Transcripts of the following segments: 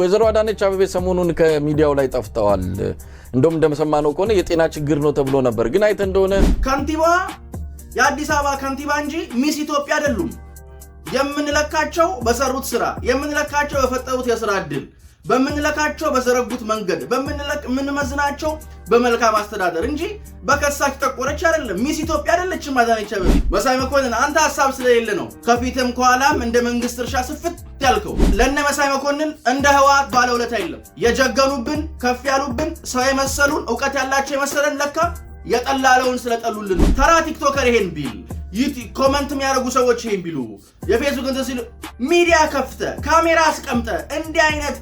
ወይዘሮ አዳነች አበቤ ሰሞኑን ከሚዲያው ላይ ጠፍተዋል። እንደውም እንደምሰማነው ከሆነ የጤና ችግር ነው ተብሎ ነበር፣ ግን አይተ እንደሆነ ከንቲባ የአዲስ አበባ ከንቲባ እንጂ ሚስ ኢትዮጵያ አይደሉም። የምንለካቸው በሰሩት ስራ፣ የምንለካቸው በፈጠሩት የስራ እድል በምንለካቸው በዘረጉት መንገድ የምንመዝናቸው በመልካም አስተዳደር እንጂ በከሳች ጠቆረች አይደለም። ሚስ ኢትዮጵያ አይደለችም አዳነች አቤቤ። መሳይ መኮንን አንተ ሀሳብ ስለሌለ ነው ከፊትም ከኋላም እንደ መንግስት እርሻ ስፍት ያልከው። ለነ መሳይ መኮንን እንደ ህወሓት ባለውለታ የለም። የጀገኑብን ከፍ ያሉብን ሰው የመሰሉን እውቀት ያላቸው የመሰለን ለካ የጠላለውን ስለጠሉልን ተራ ቲክቶከር ይሄን ቢል ይህ ኮመንት የሚያደርጉ ሰዎች ይሄን ቢሉ የፌስቡክ እንትን ሲሉ ሚዲያ ከፍተ ካሜራ አስቀምጠ እንዲህ አይነት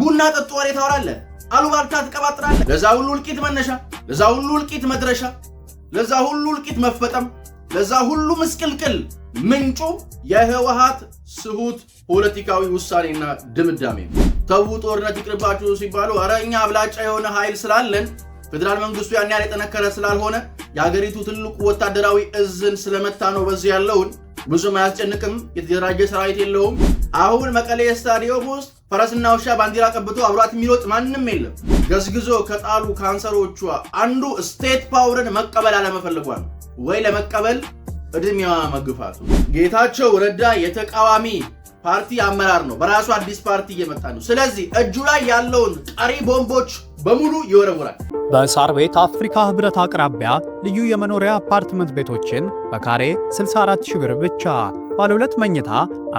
ቡና ጠጡ ወሬ ታወራለህ፣ አሉባልታ ትቀባጥራለህ። ለዛ ሁሉ እልቂት መነሻ፣ ለዛ ሁሉ እልቂት መድረሻ፣ ለዛ ሁሉ እልቂት መፈጠም፣ ለዛ ሁሉ ምስቅልቅል ምንጩ የህወሓት ስሁት ፖለቲካዊ ውሳኔና ድምዳሜ ነው። ተዉ ጦርነት ይቅርባችሁ ሲባሉ አረ እኛ አብላጫ የሆነ ኃይል ስላለን ፌዴራል መንግስቱ ያን ያህል የጠነከረ ስላልሆነ የሀገሪቱ ትልቁ ወታደራዊ እዝን ስለመታ ነው። በዚህ ያለውን ብዙም አያስጨንቅም። የተደራጀ ሰራዊት የለውም። አሁን መቀሌ ስታዲየም ውስጥ ፈረስና ውሻ ባንዲራ ቀብቶ አብሯት የሚሮጥ ማንም የለም። ገዝግዞ ከጣሉ ካንሰሮቿ አንዱ ስቴት ፓወርን መቀበል አለመፈለጓል ወይ ለመቀበል እድሜዋ መግፋቱ። ጌታቸው ረዳ የተቃዋሚ ፓርቲ አመራር ነው። በራሱ አዲስ ፓርቲ እየመጣ ነው። ስለዚህ እጁ ላይ ያለውን ቀሪ ቦምቦች በሙሉ ይወረውራል። በሳር ቤት አፍሪካ ህብረት አቅራቢያ ልዩ የመኖሪያ አፓርትመንት ቤቶችን በካሬ 64 ሺህ ብር ብቻ፣ ባለ ሁለት መኝታ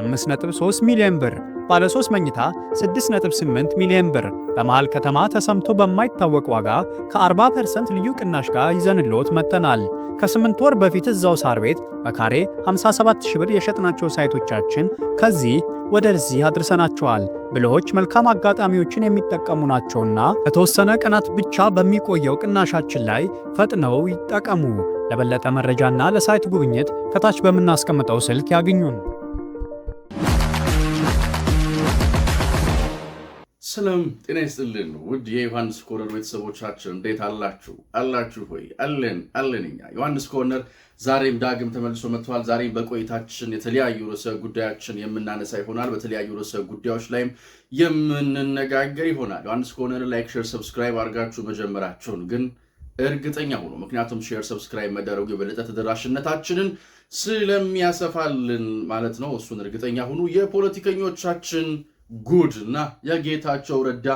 5.3 ሚሊዮን ብር፣ ባለ 3 መኝታ 6.8 ሚሊዮን ብር በመሃል ከተማ ተሰምቶ በማይታወቅ ዋጋ ከ40% ልዩ ቅናሽ ጋር ይዘንልዎት መጥተናል። ከስምንት ወር በፊት እዛው ሳር ቤት በካሬ 57 ሺህ ብር የሸጥናቸው ሳይቶቻችን ከዚህ ወደዚህ አድርሰናቸዋል። ብልሆች መልካም አጋጣሚዎችን የሚጠቀሙ ናቸውና ከተወሰነ ቀናት ብቻ በሚቆየው ቅናሻችን ላይ ፈጥነው ይጠቀሙ። ለበለጠ መረጃና ለሳይት ጉብኝት ከታች በምናስቀምጠው ስልክ ያግኙን። ሰላም ጤና ይስጥልን። ውድ የዮሐንስ ኮርነር ቤተሰቦቻችን እንዴት አላችሁ? አላችሁ ሆይ አለን አለን። እኛ ዮሐንስ ኮርነር ዛሬም ዳግም ተመልሶ መጥተዋል። ዛሬም በቆይታችን የተለያዩ ርዕሰ ጉዳዮችን የምናነሳ ይሆናል። በተለያዩ ርዕሰ ጉዳዮች ላይም የምንነጋገር ይሆናል። ዮሐንስ ኮርነር ላይክ፣ ሼር፣ ሰብስክራይብ አድርጋችሁ መጀመራችሁን ግን እርግጠኛ ሆኖ ምክንያቱም ሼር ሰብስክራይብ መደረጉ የበለጠ ተደራሽነታችንን ስለሚያሰፋልን ማለት ነው። እሱን እርግጠኛ ሁኑ። የፖለቲከኞቻችን ጉድ እና የጌታቸው ረዳ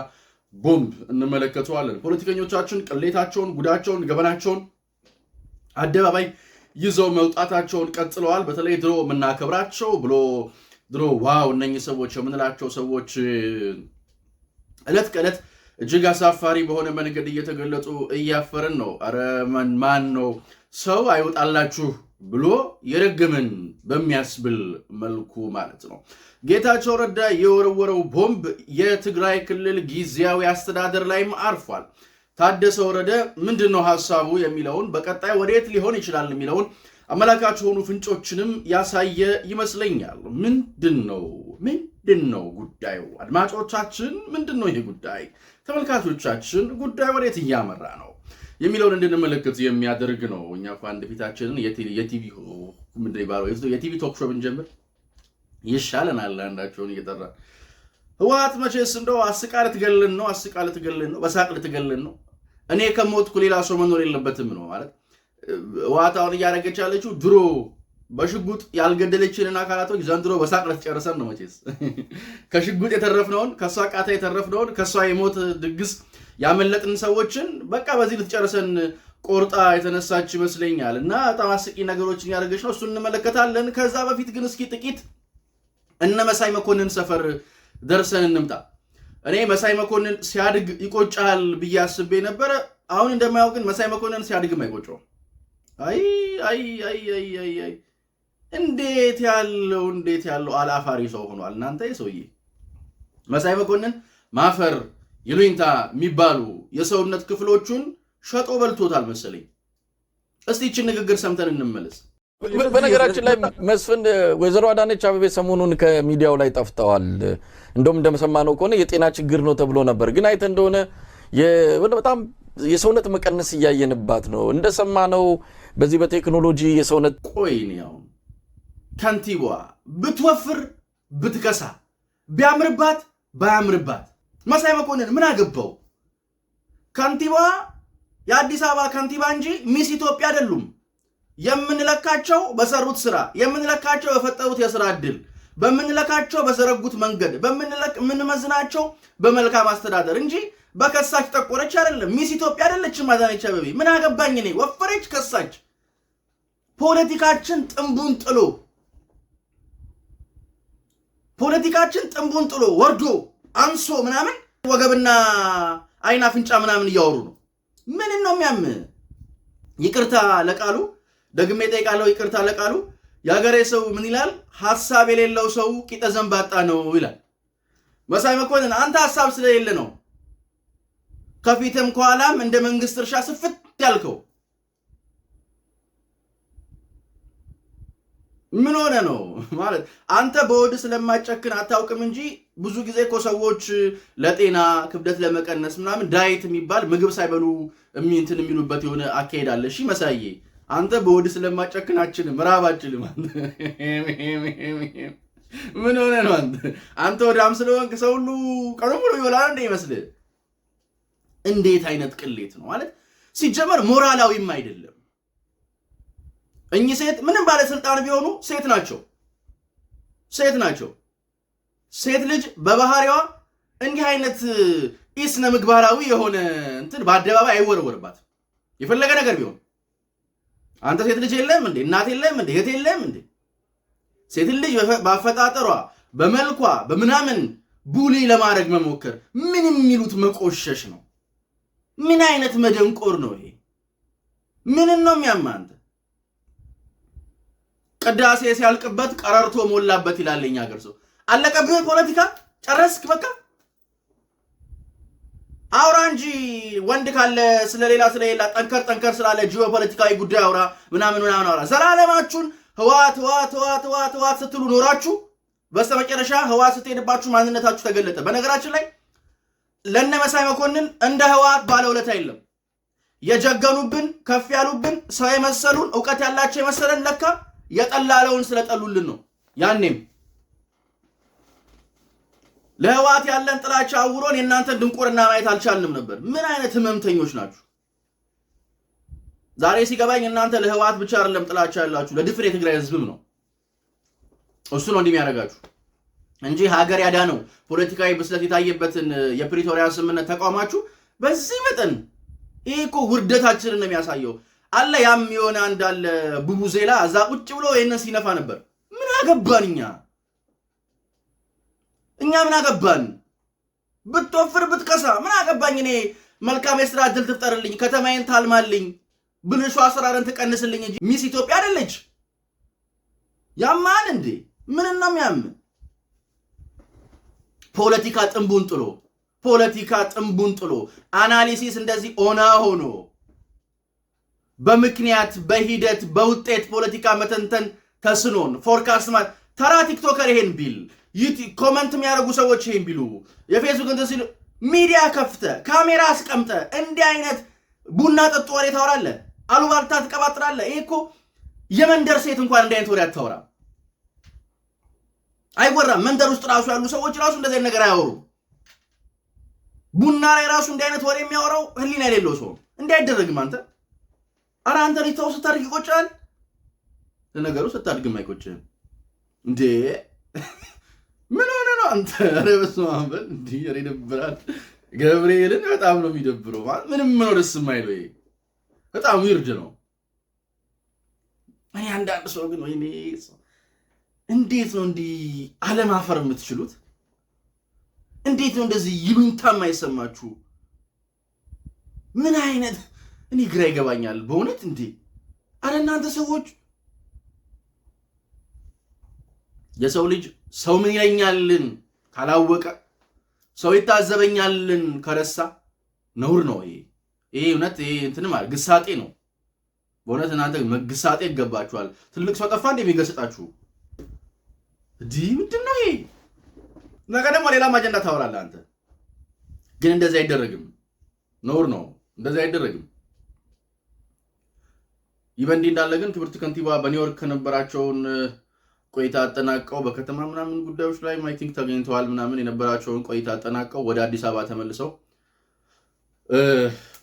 ቦምብ እንመለከተዋለን። ፖለቲከኞቻችን ቅሌታቸውን፣ ጉዳቸውን፣ ገበናቸውን አደባባይ ይዘው መውጣታቸውን ቀጥለዋል። በተለይ ድሮ የምናከብራቸው ብሎ ድሮ ዋው እነኚህ ሰዎች የምንላቸው ሰዎች እለት ከእለት እጅግ አሳፋሪ በሆነ መንገድ እየተገለጡ እያፈርን ነው። አረ ማን ነው ሰው አይወጣላችሁ ብሎ የረገመን በሚያስብል መልኩ ማለት ነው። ጌታቸው ረዳ የወረወረው ቦምብ የትግራይ ክልል ጊዜያዊ አስተዳደር ላይም አርፏል። ታደሰ ወረደ ምንድን ነው ሀሳቡ የሚለውን በቀጣይ ወዴት ሊሆን ይችላል የሚለውን አመላካች የሆኑ ፍንጮችንም ያሳየ ይመስለኛል። ምንድን ነው ምንድን ነው ጉዳዩ? አድማጮቻችን ምንድን ነው ይህ ጉዳይ? ተመልካቾቻችን ጉዳይ ወዴት እያመራ ነው የሚለውን እንድንመለከት የሚያደርግ ነው። እኛ እኳ አንድ ፊታችንን የቲቪ ቶክ ሾው ብንጀምር ይሻለናል። አንዳቸውን እየጠራ ህወሓት መቼስ እንደው አስቃ ልትገልን ነው፣ አስቃ ልትገልን ነው፣ በሳቅ ልትገልን ነው እኔ ከሞትኩ ሌላ ሰው መኖር የለበትም ነው ማለት። ዋታውን እያደረገች ያለችው ድሮ በሽጉጥ ያልገደለችንን አካላቶች ዘንድሮ በሳቅ ልትጨርሰን ነው። መቼስ ከሽጉጥ የተረፍነውን ከእሷ ቃታ የተረፍነውን ከእሷ የሞት ድግስ ያመለጥን ሰዎችን በቃ በዚህ ልትጨርሰን ቆርጣ የተነሳች ይመስለኛል። እና በጣም አስቂ ነገሮችን ያደረገች ነው። እሱን እንመለከታለን። ከዛ በፊት ግን እስኪ ጥቂት እነ መሳይ መኮንን ሰፈር ደርሰን እንምጣ። እኔ መሳይ መኮንን ሲያድግ ይቆጫል ብዬ አስቤ ነበረ። አሁን እንደማያውቅ ግን መሳይ መኮንን ሲያድግም አይቆጨውም። አይ አይ አይ አይ አይ እንዴት ያለው እንዴት ያለው አላፋሪ ሰው ሆኗል። እናንተ ሰውዬ መሳይ መኮንን ማፈር ይሉኝታ የሚባሉ የሰውነት ክፍሎቹን ሸጦ በልቶታል መሰለኝ። እስቲ ይችን ንግግር ሰምተን እንመለስ። በነገራችን ላይ መስፍን ወይዘሮ አዳነች አበቤ ሰሞኑን ከሚዲያው ላይ ጠፍተዋል። እንደውም እንደሰማነው ከሆነ የጤና ችግር ነው ተብሎ ነበር፣ ግን አይተ እንደሆነ በጣም የሰውነት መቀነስ እያየንባት ነው። እንደሰማነው በዚህ በቴክኖሎጂ የሰውነት ቆይን ያው ከንቲቧ ብትወፍር ብትከሳ ቢያምርባት ባያምርባት መሳይ መኮንን ምን አገባው? ከንቲቧ የአዲስ አበባ ከንቲባ እንጂ ሚስ ኢትዮጵያ አይደሉም። የምንለካቸው በሰሩት ስራ የምንለካቸው በፈጠሩት የስራ እድል በምንለካቸው በዘረጉት መንገድ የምንመዝናቸው በመልካም አስተዳደር እንጂ በከሳች ጠቆረች አይደለም። ሚስ ኢትዮጵያ አይደለችም አዳነች አበቤ። ምን አገባኝ እኔ ወፈረች ከሳች። ፖለቲካችን ጥንቡን ጥሎ ፖለቲካችን ጥንቡን ጥሎ ወርዶ አንሶ ምናምን ወገብና አይን አፍንጫ ምናምን እያወሩ ነው። ምን ነው የሚያም ይቅርታ ለቃሉ ደግሜ ጠይቃለሁ፣ ይቅርታ ለቃሉ። የሀገሬ ሰው ምን ይላል? ሀሳብ የሌለው ሰው ቂጠ ዘንባጣ ነው ይላል። መሳይ መኮንን አንተ ሀሳብ ስለሌለ ነው ከፊትም ከኋላም እንደ መንግስት እርሻ ስፍት ያልከው። ምን ሆነ ነው ማለት አንተ በወድ ስለማጨክን አታውቅም እንጂ ብዙ ጊዜ እኮ ሰዎች ለጤና ክብደት ለመቀነስ ምናምን ዳይት የሚባል ምግብ ሳይበሉ እንትን የሚሉበት የሆነ አካሄድ አለ። እሺ መሳዬ አንተ በወድ ስለማጨክን አችልም ራብ አችልም። ምን ሆነ ነው አንተ አንተ ወዳም ስለሆንክ ሰው ሁሉ ቀኑ ሙሉ ይበላል እንደ ይመስል። እንዴት አይነት ቅሌት ነው ማለት ሲጀመር ሞራላዊም አይደለም። እኚህ ሴት ምንም ባለስልጣን ቢሆኑ ሴት ናቸው፣ ሴት ናቸው። ሴት ልጅ በባህሪዋ እንዲህ አይነት ኢስነ ምግባራዊ የሆነ እንትን በአደባባይ አይወረወርባት የፈለገ ነገር ቢሆን አንተ ሴት ልጅ የለም እንዴ? እናት የለም እንዴ? እህት የለም እንዴ? ሴትን ልጅ በአፈጣጠሯ በመልኳ፣ በምናምን ቡሊ ለማድረግ መሞከር ምን የሚሉት መቆሸሽ ነው? ምን አይነት መደንቆር ነው ይሄ? ምንን ነው የሚያማ? አንተ ቅዳሴ ሲያልቅበት ቀረርቶ ሞላበት ይላለኝ ሀገር ሰው። አለቀብህ ፖለቲካ ጨረስክ፣ በቃ አውራ እንጂ ወንድ ካለ ስለሌላ ስለሌላ ጠንከር ጠንከር ስላለ ጂኦፖለቲካዊ ጉዳይ አውራ ምናምን ምናምን አውራ። ዘላለማችሁን ህዋት ህዋት ህዋት ህዋት ህዋት ስትሉ ኖራችሁ በስተመጨረሻ ህዋት ስትሄድባችሁ ማንነታችሁ ተገለጠ። በነገራችን ላይ ለነ መሳይ መኮንን እንደ ህዋት ባለውለታ የለም። የጀገኑብን ከፍ ያሉብን ሰው የመሰሉን እውቀት ያላቸው የመሰለን ለካ የጠላለውን ስለጠሉልን ነው ያኔም ለህወሓት ያለን ጥላቻ አውሮን የእናንተን ድንቁርና ማየት አልቻልንም ነበር። ምን አይነት ህመምተኞች ናችሁ? ዛሬ ሲገባኝ እናንተ ለህወሓት ብቻ አይደለም ጥላቻ ያላችሁ ለድፍር የትግራይ ህዝብም ነው። እሱ ነው እንደሚያደርጋችሁ እንጂ ሀገር ያዳ ነው ፖለቲካዊ ብስለት የታየበትን የፕሪቶሪያ ስምምነት ተቋማችሁ በዚህ መጠን ይህ እኮ ውርደታችንን ነው የሚያሳየው። አለ ያም የሆነ አንዳለ ቡቡዜላ እዛ ቁጭ ብሎ ይህንን ሲነፋ ነበር። ምን አገባን እኛ እኛ ምን አገባን? ብትወፍር ብትከሳ ምን አገባኝ እኔ። መልካም የስራ እድል ትፍጠርልኝ፣ ከተማዬን ታልማልኝ፣ ብልሹ አሰራርን ትቀንስልኝ እንጂ ሚስ ኢትዮጵያ አደለች። ያማን እንዴ? ምን ነው ያም ፖለቲካ ጥንቡን ጥሎ ፖለቲካ ጥንቡን ጥሎ አናሊሲስ እንደዚህ ኦና ሆኖ በምክንያት በሂደት በውጤት ፖለቲካ መተንተን ተስኖን ፎርካስት ማለት ተራ ቲክቶከር ይሄን ቢል ኮመንት የሚያደርጉ ሰዎች ይሄን ቢሉ የፌስቡክ እንትን ሲሉ ሚዲያ ከፍተ ካሜራ አስቀምጠ እንዲህ አይነት ቡና ጠጡ ወሬ ታወራለ፣ አሉባልታ ትቀባጥራለ። ይሄ እኮ የመንደር ሴት እንኳን እንዲህ አይነት ወሬ አታወራ፣ አይወራም። መንደር ውስጥ ራሱ ያሉ ሰዎች ራሱ እንደዚህ ነገር አያወሩ። ቡና ላይ ራሱ እንዲህ አይነት ወሬ የሚያወራው ህሊና የሌለው ሰው እንዲህ አይደረግም። አንተ አረ አንተ ሪታው ስታድግ ይቆጫል። ለነገሩ ስታድግም አይቆጭም እንዴ ምን ሆነ ነው አንተ? ኧረ በስመ አብ በል እንዲህ ኧረ ይደብራል። ገብርኤልን በጣም ነው የሚደብረው። ማለት ምንም ነው ደስ የማይለው ይሄ በጣም ዊርድ ነው። እኔ አንዳንድ ሰው ግን ወይኔ እንዴት ነው እንዲህ አፈር የምትችሉት? እንዴት ነው እንደዚህ ይሉኝታ የማይሰማችሁ? ምን አይነት እኔ ግራ ይገባኛል በእውነት እንዴ! አረ እናንተ ሰዎች የሰው ልጅ ሰው ምን ይለኛልን ካላወቀ ሰው ይታዘበኛልን ከረሳ ነውር ነው። ይሄ ይሄ እውነት ይሄ እንትን ማለት ግሳጤ ነው። በእውነት እናንተ መግሳጤ ይገባችኋል። ትልቅ ሰው ጠፋ እንደ የሚገስጣችሁ እዲ ምንድን ነው ይሄ ነገር? ደግሞ ሌላም አጀንዳ ታወራለህ አንተ። ግን እንደዚ አይደረግም፣ ነውር ነው። እንደዚህ አይደረግም። ይህ እንዳለ ግን ክብርት ከንቲባ በኒውዮርክ ከነበራቸውን ቆይታ አጠናቀው በከተማ ምናምን ጉዳዮች ላይ አይ ቲንክ ተገኝተዋል ምናምን የነበራቸውን ቆይታ አጠናቀው ወደ አዲስ አበባ ተመልሰው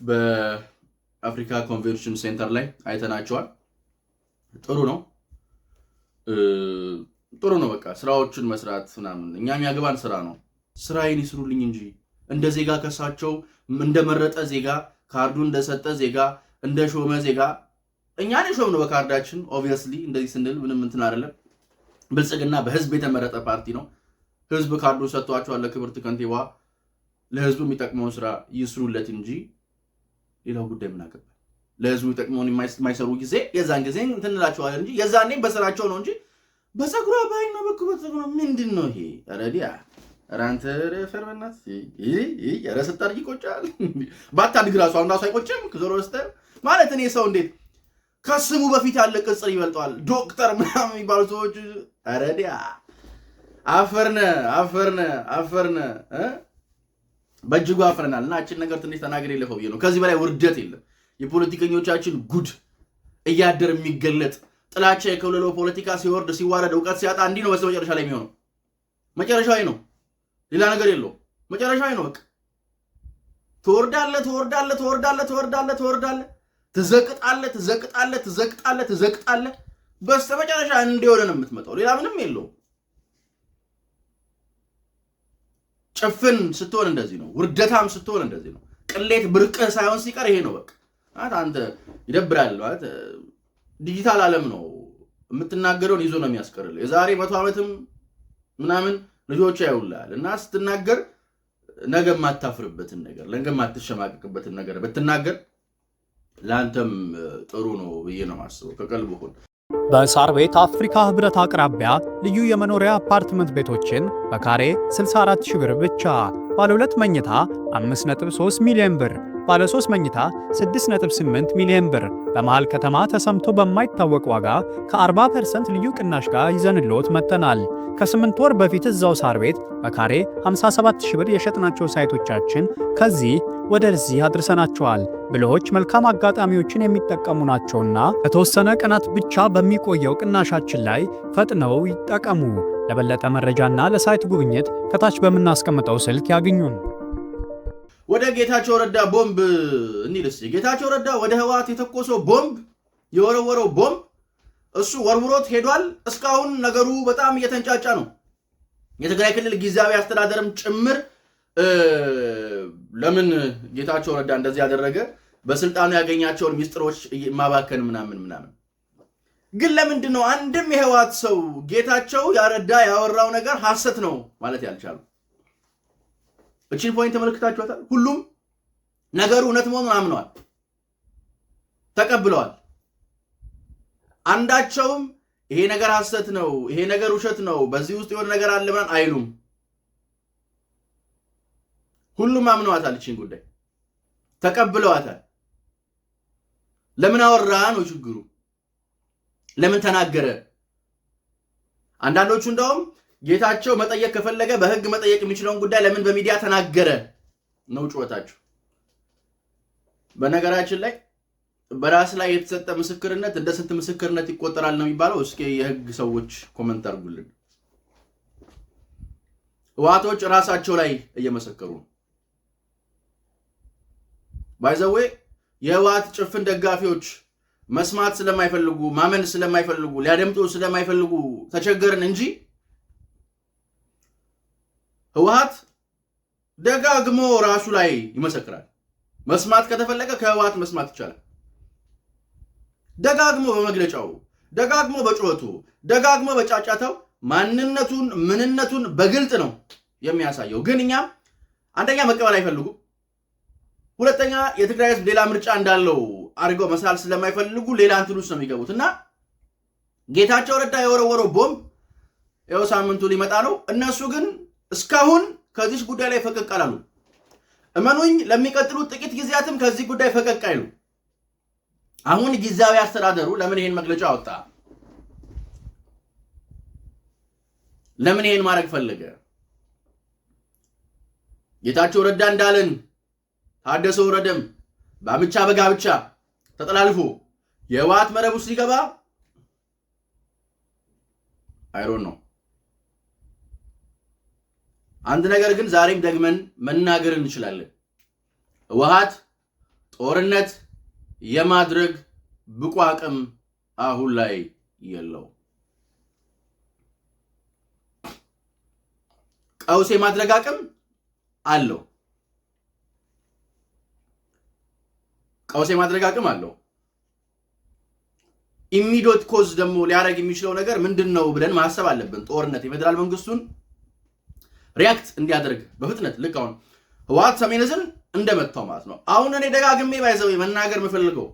በአፍሪካ ኮንቬንሽን ሴንተር ላይ አይተናቸዋል። ጥሩ ነው ጥሩ ነው። በቃ ስራዎችን መስራት ምናምን እኛ የሚያገባን ስራ ነው። ስራዬን ይስሩልኝ እንጂ እንደ ዜጋ ከሳቸው እንደመረጠ ዜጋ ካርዱ እንደሰጠ ዜጋ እንደ ሾመ ዜጋ እኛን የሾምነው በካርዳችን ኦብቪየስሊ እንደዚህ ስንል ምንም እንትን አይደለም። ብልጽግና በህዝብ የተመረጠ ፓርቲ ነው። ህዝብ ካርዱ ሰጥቷቸዋል። ለክብርት ከንቲባ ለህዝቡ የሚጠቅመውን ስራ ይስሩለት እንጂ ሌላው ጉዳይ ምን አገባል? ለህዝቡ ይጠቅመውን የማይሰሩ ጊዜ የዛን ጊዜ እንትንላቸዋለን እንጂ የዛኔ በስራቸው ነው እንጂ በፀጉሯ ባይ ነው በኩበት ምንድን ነው ይሄ? ረዲያ ራንተ ረፈር በእናትህ ይቆጫል። ባታድግ ራሱ አሁን ራሱ አይቆጭም። ዞሮ ስተ ማለት እኔ ሰው እንዴት ከስሙ በፊት ያለ ቅጽል ይበልጠዋል። ዶክተር ምናምን የሚባሉ ሰዎች ረዲያ አፈርነ አፈርነ አፈርነ በእጅጉ አፍረናል። እና አችን ነገር ትንሽ ተናገር የለፈው ብዬ ነው። ከዚህ በላይ ውርደት የለም። የፖለቲከኞቻችን ጉድ እያደር የሚገለጥ ጥላቻ የከለለው ፖለቲካ ሲወርድ ሲዋረድ እውቀት ሲያጣ እንዲህ ነው። በስተ መጨረሻ ላይ የሚሆነው መጨረሻዊ ነው። ሌላ ነገር የለው። መጨረሻዊ ነው። በቃ ትወርዳለ፣ ትወርዳለ፣ ትወርዳለ፣ ትወርዳለ፣ ትወርዳለ ትዘቅጣለ ትዘቅጣለ ትዘቅጣለ ትዘቅጣለህ በስተመጨረሻ እንዲሆነ ነው የምትመጣው። ሌላ ምንም የለውም። ጭፍን ስትሆን እንደዚህ ነው። ውርደታም ስትሆን እንደዚህ ነው። ቅሌት ብርቅህ ሳይሆን ሲቀር ይሄ ነው በቃ። አንተ ይደብራል ማለት ዲጂታል ዓለም ነው። የምትናገረውን ይዞ ነው የሚያስቀርልህ። የዛሬ መቶ ዓመትም ምናምን ልጆች ያዩልሃል እና ስትናገር ነገ የማታፍርበትን ነገር ነገ የማትሸማቀቅበትን ነገር ብትናገር ለአንተም ጥሩ ነው ብዬ ነው ማስበው። ከቀልብ ሁን። በሳር ቤት አፍሪካ ህብረት አቅራቢያ ልዩ የመኖሪያ አፓርትመንት ቤቶችን በካሬ 64 ሺህ ብር ብቻ ባለ ሁለት መኝታ 5.3 ሚሊዮን ብር ባለ 3 መኝታ 6.8 ሚሊዮን ብር በመሃል ከተማ ተሰምቶ በማይታወቅ ዋጋ ከ40% ልዩ ቅናሽ ጋር ይዘንልዎት መጥተናል። ከ8 ወር በፊት እዛው ሳር ቤት በካሬ 57000 ብር የሸጥናቸው ሳይቶቻችን ከዚህ ወደዚህ አድርሰናቸዋል። ብሎዎች መልካም አጋጣሚዎችን የሚጠቀሙ ናቸውና ከተወሰነ ቀናት ብቻ በሚቆየው ቅናሻችን ላይ ፈጥነው ይጠቀሙ። ለበለጠ መረጃና ለሳይት ጉብኝት ከታች በምናስቀምጠው ስልክ ያግኙን። ወደ ጌታቸው ረዳ ቦምብ እንሂድስ። ጌታቸው ረዳ ወደ ህወሓት የተኮሰው ቦምብ የወረወረው ቦምብ እሱ ወርውሮት ሄዷል። እስካሁን ነገሩ በጣም እየተንጫጫ ነው። የትግራይ ክልል ጊዜያዊ አስተዳደርም ጭምር ለምን ጌታቸው ረዳ እንደዚህ ያደረገ በስልጣኑ ያገኛቸውን ሚስጥሮች ማባከን ምናምን ምናምን። ግን ለምንድን ነው አንድም የህወሓት ሰው ጌታቸው ያረዳ ያወራው ነገር ሐሰት ነው ማለት ያልቻሉ? እችን ፖይንት ተመልክታችኋታል። ሁሉም ነገሩ እውነት መሆኑን አምነዋል፣ ተቀብለዋል። አንዳቸውም ይሄ ነገር ሐሰት ነው፣ ይሄ ነገር ውሸት ነው፣ በዚህ ውስጥ የሆነ ነገር አለ ምናምን አይሉም። ሁሉም አምነዋታል፣ እችን ጉዳይ ተቀብለዋታል። ለምን አወራ ነው ችግሩ። ለምን ተናገረ? አንዳንዶቹ እንደውም ጌታቸው መጠየቅ ከፈለገ በህግ መጠየቅ የሚችለውን ጉዳይ ለምን በሚዲያ ተናገረ ነው ጩኸታቸው። በነገራችን ላይ በራስ ላይ የተሰጠ ምስክርነት እንደ ስንት ምስክርነት ይቆጠራል ነው የሚባለው? እስኪ የህግ ሰዎች ኮመንት አርጉልን። ህወሓቶች ራሳቸው ላይ እየመሰከሩ ነው። ባይዘዌ የህዋት ጭፍን ደጋፊዎች መስማት ስለማይፈልጉ ማመን ስለማይፈልጉ ሊያደምጡ ስለማይፈልጉ ተቸገርን እንጂ ህወሓት ደጋግሞ ራሱ ላይ ይመሰክራል። መስማት ከተፈለገ ከህወሓት መስማት ይቻላል። ደጋግሞ በመግለጫው ደጋግሞ በጩኸቱ ደጋግሞ በጫጫተው ማንነቱን ምንነቱን በግልጥ ነው የሚያሳየው። ግን እኛም አንደኛ መቀበል አይፈልጉም፣ ሁለተኛ የትግራይ ህዝብ ሌላ ምርጫ እንዳለው አድርገው መሳል ስለማይፈልጉ ሌላ እንትን ውስጥ ነው የሚገቡት እና ጌታቸው ረዳ የወረወረው ቦምብ ይኸው ሳምንቱ ሊመጣ ነው። እነሱ ግን እስካሁን ከዚህ ጉዳይ ላይ ፈቀቅ አላሉ። እመኑኝ፣ ለሚቀጥሉት ጥቂት ጊዜያትም ከዚህ ጉዳይ ፈቀቅ አይሉ። አሁን ጊዜያዊ አስተዳደሩ ለምን ይሄን መግለጫ አወጣ? ለምን ይሄን ማድረግ ፈለገ? ጌታቸው ረዳ እንዳለን ታደሰ ወረደም በአምቻ በጋብቻ ተጠላልፎ የህወሓት መረብ ውስጥ ሊገባ አይሮን ነው። አንድ ነገር ግን ዛሬም ደግመን መናገር እንችላለን። ህወሓት ጦርነት የማድረግ ብቁ አቅም አሁን ላይ የለው። ቀውስ የማድረግ አቅም አለው። ቀውስ የማድረግ አቅም አለው። ኢሚዶት ኮዝ ደግሞ ሊያደርግ የሚችለው ነገር ምንድን ነው ብለን ማሰብ አለብን። ጦርነት የፌዴራል መንግስቱን ሪያክት እንዲያደርግ በፍጥነት ልክ አሁን ህወሓት ሰሜን ዕዝን እንደመታው ማለት ነው። አሁን እኔ ደጋግሜ ባይዘው መናገር የምፈልገው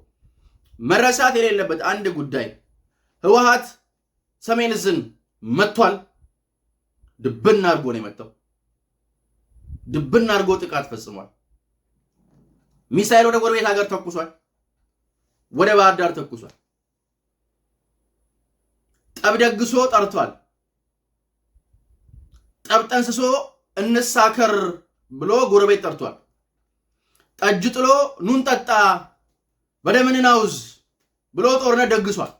መረሳት የሌለበት አንድ ጉዳይ ህወሓት ሰሜን ዕዝን መቷል። ድብን አድርጎ ነው የመታው። ድብን አድርጎ ጥቃት ፈጽሟል። ሚሳኤል ወደ ጎረቤት ሀገር ተኩሷል። ወደ ባህር ዳር ተኩሷል። ጠብ ደግሶ ጠርቷል። ጠብጠንስሶ እንሳከር ብሎ ጎረቤት ጠርቷል። ጠጅ ጥሎ ኑን ጠጣ በደምንናውዝ ብሎ ጦርነት ደግሷል።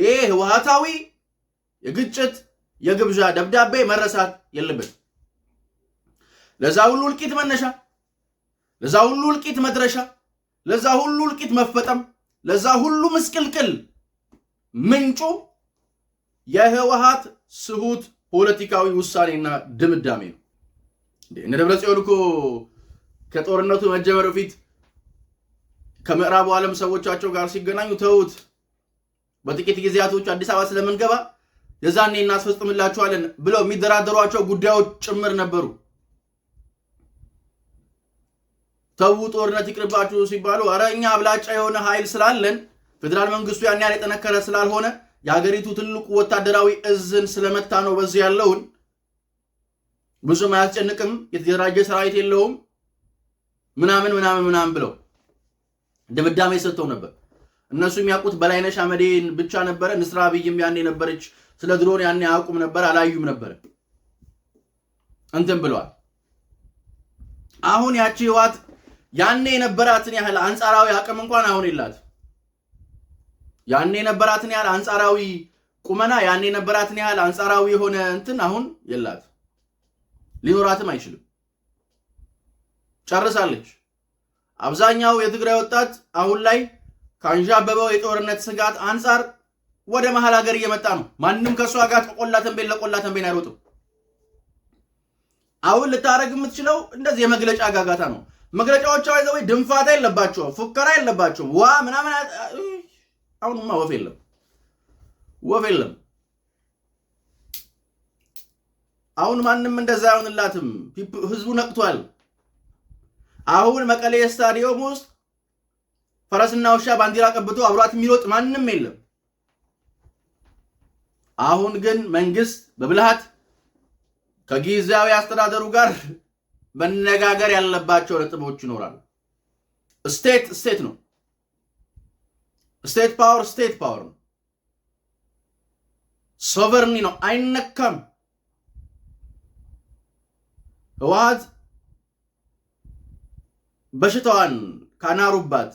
ይሄ ህወሓታዊ የግጭት የግብዣ ደብዳቤ መረሳት የለበት። ለዛ ሁሉ እልቂት መነሻ፣ ለዛ ሁሉ እልቂት መድረሻ፣ ለዛ ሁሉ እልቂት መፈጠም፣ ለዛ ሁሉ ምስቅልቅል ምንጩ የህወሓት ስሁት ፖለቲካዊ ውሳኔና ድምዳሜ ነው። እነ ደብረ ጽዮን እኮ ከጦርነቱ መጀመር በፊት ከምዕራቡ ዓለም ሰዎቻቸው ጋር ሲገናኙ ተውት በጥቂት ጊዜያቶች አዲስ አበባ ስለምንገባ የዛኔ እናስፈጽምላችኋለን ብለው የሚደራደሯቸው ጉዳዮች ጭምር ነበሩ። ተዉ፣ ጦርነት ይቅርባችሁ ሲባሉ አረኛ እኛ አብላጫ የሆነ ኃይል ስላለን ፌዴራል መንግስቱ ያን ያህል የጠነከረ ስላልሆነ የሀገሪቱ ትልቁ ወታደራዊ እዝን ስለመታ ነው። በዚህ ያለውን ብዙም አያስጨንቅም፣ የተደራጀ ሰራዊት የለውም ምናምን ምናምን ምናምን ብለው ድምዳሜ ሰጥተው ነበር። እነሱ የሚያውቁት በላይነሽ አመዴን ብቻ ነበረ። ንስራ አብይም ያኔ ነበረች። ስለ ድሮን ያኔ አያውቁም ነበር፣ አላዩም ነበር እንትን ብለዋል። አሁን ያቺ ህዋት ያኔ የነበራትን ያህል አንጻራዊ አቅም እንኳን አሁን የላት ያኔ የነበራትን ያህል አንጻራዊ ቁመና ያኔ የነበራትን ያህል አንጻራዊ የሆነ እንትን አሁን የላት ሊኖራትም አይችልም። ጨርሳለች። አብዛኛው የትግራይ ወጣት አሁን ላይ ከአንዣበበው የጦርነት ስጋት አንጻር ወደ መሀል ሀገር እየመጣ ነው። ማንም ከእሷ ጋር ከቆላ ተንቤን ለቆላ ተንቤን አይሮጥም። አሁን ልታደረግ የምትችለው እንደዚህ የመግለጫ ጋጋታ ነው። መግለጫዎቿ ይዘ ድንፋታ የለባቸውም፣ ፉከራ የለባቸውም። ዋ ምናምን አሁንማ ወፍ የለም፣ ወፍ የለም። አሁን ማንም እንደዛ አይሆንላትም። ህዝቡ ነቅቷል። አሁን መቀሌ ስታዲየም ውስጥ ፈረስና ውሻ ባንዲራ ቀብቶ አብሯት የሚሮጥ ማንም የለም። አሁን ግን መንግስት በብልሃት ከጊዜያዊ አስተዳደሩ ጋር መነጋገር ያለባቸው ነጥቦች ይኖራሉ። ስቴት ስቴት ነው። ስቴት ፓወር ስቴት ፓወር ነው። ሶቨርኒ ነው፣ አይነካም። ህወሓት በሽታዋን ካናሩባት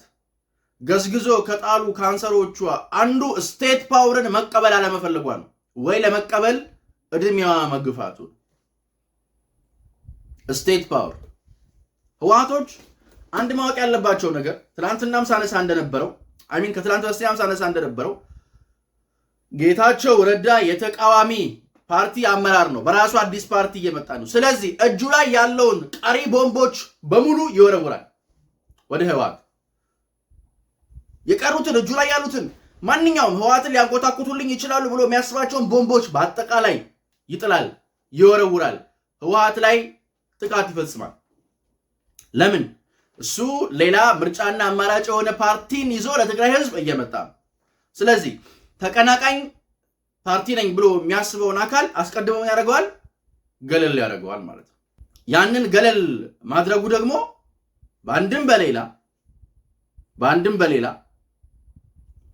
ገዝግዞ ከጣሉ ካንሰሮቿ አንዱ ስቴት ፓወርን መቀበል አለመፈለጓ ነው፣ ወይ ለመቀበል እድሜዋ መግፋቱ። ስቴት ፓወር ህወሓቶች አንድ ማወቅ ያለባቸው ነገር ትናንትናም ሳነሳ እንደነበረው አይሚን ከትላንት በስቲያም ሳነሳ እንደነበረው ጌታቸው ረዳ የተቃዋሚ ፓርቲ አመራር ነው። በራሱ አዲስ ፓርቲ እየመጣ ነው። ስለዚህ እጁ ላይ ያለውን ቀሪ ቦምቦች በሙሉ ይወረውራል ወደ ህወሓት። የቀሩትን እጁ ላይ ያሉትን ማንኛውም ህወሓትን ሊያንኮታኩቱልኝ ይችላሉ ብሎ የሚያስባቸውን ቦምቦች በአጠቃላይ ይጥላል፣ ይወረውራል። ህወሓት ላይ ጥቃት ይፈጽማል። ለምን እሱ ሌላ ምርጫና አማራጭ የሆነ ፓርቲን ይዞ ለትግራይ ህዝብ እየመጣ ነው። ስለዚህ ተቀናቃኝ ፓርቲ ነኝ ብሎ የሚያስበውን አካል አስቀድመው ያደርገዋል፣ ገለል ያደርገዋል ማለት ነው። ያንን ገለል ማድረጉ ደግሞ በአንድም በሌላ በአንድም በሌላ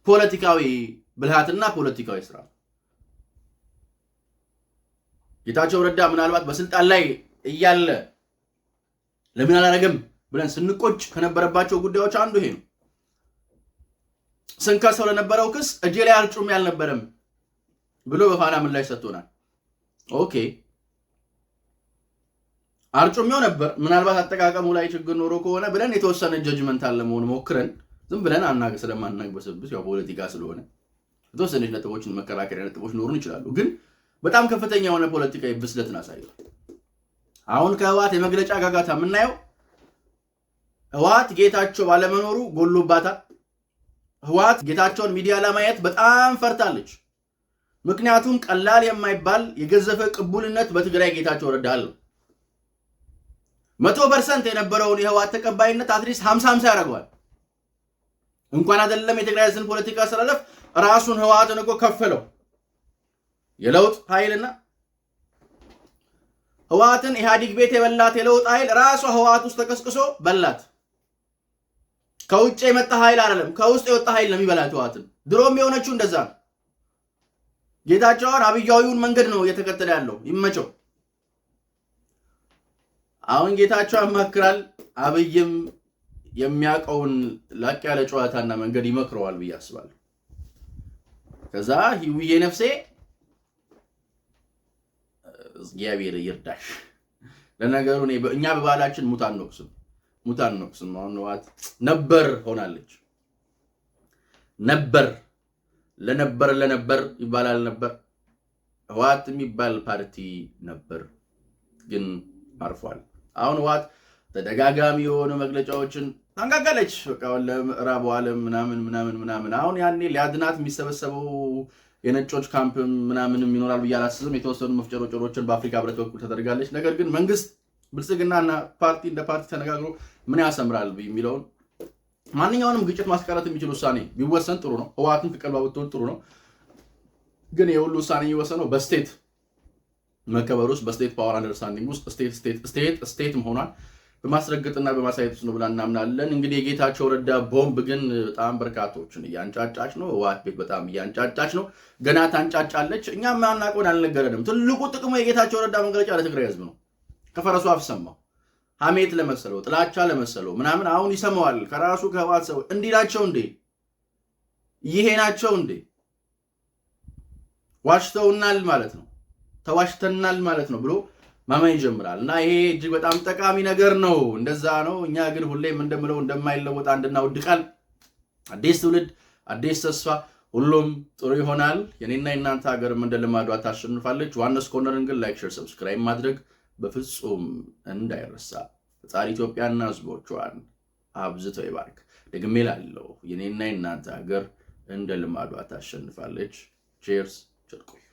ፖለቲካዊ ብልሃትና ፖለቲካዊ ስራ ጌታቸው ረዳ ምናልባት በስልጣን ላይ እያለ ለምን አላረገም ብለን ስንቆጭ ከነበረባቸው ጉዳዮች አንዱ ይሄ ነው። ስንከሰው ለነበረው ክስ እጄ ላይ አርጩሜ አልነበረም ብሎ በፋና ምላሽ ሰጥቶናል። ኦኬ አርጩሜው ነበር፣ ምናልባት አጠቃቀሙ ላይ ችግር ኖሮ ከሆነ ብለን የተወሰነ ጀጅመንት አለመሆን ሞክረን ዝም ብለን አናግ ስለማናግበሰብስ ያው ፖለቲካ ስለሆነ የተወሰነች ነጥቦችን መከራከሪያ ነጥቦች ኖሩን ይችላሉ። ግን በጣም ከፍተኛ የሆነ ፖለቲካዊ ብስለትን አሳይቷል። አሁን ከህወሓት የመግለጫ ጋጋታ የምናየው ህወሓት ጌታቸው ባለመኖሩ ጎሎባታል። ህወሓት ጌታቸውን ሚዲያ ለማየት በጣም ፈርታለች። ምክንያቱም ቀላል የማይባል የገዘፈ ቅቡልነት በትግራይ ጌታቸው ረዳል ነው። መቶ ፐርሰንት የነበረውን የህወሓት ተቀባይነት አትሊስት ሀምሳ ሀምሳ ያደርገዋል። እንኳን አይደለም የትግራይ ህዝብን ፖለቲካ አስተላለፍ ራሱን ህወሓትን እኮ ከፈለው የለውጥ ኃይልና ህወሓትን ኢህአዲግ ቤት የበላት የለውጥ ኃይል ራሷ ህወሓት ውስጥ ተቀስቅሶ በላት። ከውጭ የመጣ ኃይል አይደለም፣ ከውስጥ የወጣ ኃይል ነው የሚበላት ህወሓትን። ድሮም የሆነችው እንደዛ ነው። ጌታቸውን አብያዊውን መንገድ ነው እየተከተለ ያለው። ይመቸው። አሁን ጌታቸው ያማክራል፣ አብይም የሚያውቀውን ላቅ ያለ ጨዋታና መንገድ ይመክረዋል ብዬ አስባለሁ። ከዛ ህውዬ ነፍሴ እግዚአብሔር ይርዳሽ። ለነገሩ እኛ በባህላችን ሙት አንወቅስም። ሙታን ነው። ስማ ነበር ሆናለች። ነበር ለነበር ለነበር ይባላል ነበር። ህወሓት የሚባል ፓርቲ ነበር፣ ግን አርፏል። አሁን ህወሓት ተደጋጋሚ የሆኑ መግለጫዎችን ታንጋጋለች። በቃ ለምዕራቡ ዓለም ምናምን ምናምን ምናምን። አሁን ያኔ ሊያድናት የሚሰበሰበው የነጮች ካምፕ ምናምንም ይኖራል ብዬ አላስብም። የተወሰኑ መፍጨሮጨሮችን በአፍሪካ ህብረት በኩል ተደርጋለች። ነገር ግን መንግስት ብልጽግናና ፓርቲ እንደ ፓርቲ ተነጋግሮ ምን ያሰምራል የሚለውን ማንኛውንም ግጭት ማስቀረት የሚችል ውሳኔ ቢወሰን ጥሩ ነው። ህወሓትም ከቀልባ ብትሆን ጥሩ ነው። ግን የሁሉ ውሳኔ የሚወሰነው በስቴት መከበር ውስጥ በስቴት ፓወር አንደርስታንዲንግ ውስጥ ስቴት ስቴት ስቴት ስቴት መሆኗን በማስረገጥና በማሳየት ውስጥ ነው ብላ እናምናለን። እንግዲህ የጌታቸው ረዳ ቦምብ ግን በጣም በርካቶችን እያንጫጫች ነው። ህወሓት ቤት በጣም እያንጫጫች ነው። ገና ታንጫጫለች። እኛ ማናቀውን አልነገረንም። ትልቁ ጥቅሙ የጌታቸው ረዳ መግለጫ ለትግራይ ህዝብ ነው። ከፈረሱ አፍ ሰማው። ሐሜት ለመሰለው ጥላቻ ለመሰለው ምናምን አሁን ይሰማዋል ከራሱ ከህወሓት ሰው። እንዲህ ናቸው እንዴ? ይሄ ናቸው እንዴ? ዋሽተውናል ማለት ነው፣ ተዋሽተናል ማለት ነው ብሎ ማመን ይጀምራል። እና ይሄ እጅግ በጣም ጠቃሚ ነገር ነው። እንደዛ ነው። እኛ ግን ሁሌም እንደምለው እንደማይለወጥ አንድና ውድ ቃል፣ አዲስ ትውልድ፣ አዲስ ተስፋ፣ ሁሉም ጥሩ ይሆናል። የኔና የናንተ ሀገርም እንደ ልማዷ ታሸንፋለች። ዮሐንስ ኮርነርን ግን ላይክ፣ ሼር፣ ሰብስክራይብ ማድረግ በፍጹም እንዳይረሳ ፈጣሪ ኢትዮጵያና ህዝቦቿን አብዝተው ይባርክ። ደግሜ ላለው የኔና የናንተ ሀገር እንደ ልማዷ ታሸንፋለች። ቼርስ ቸርቆይ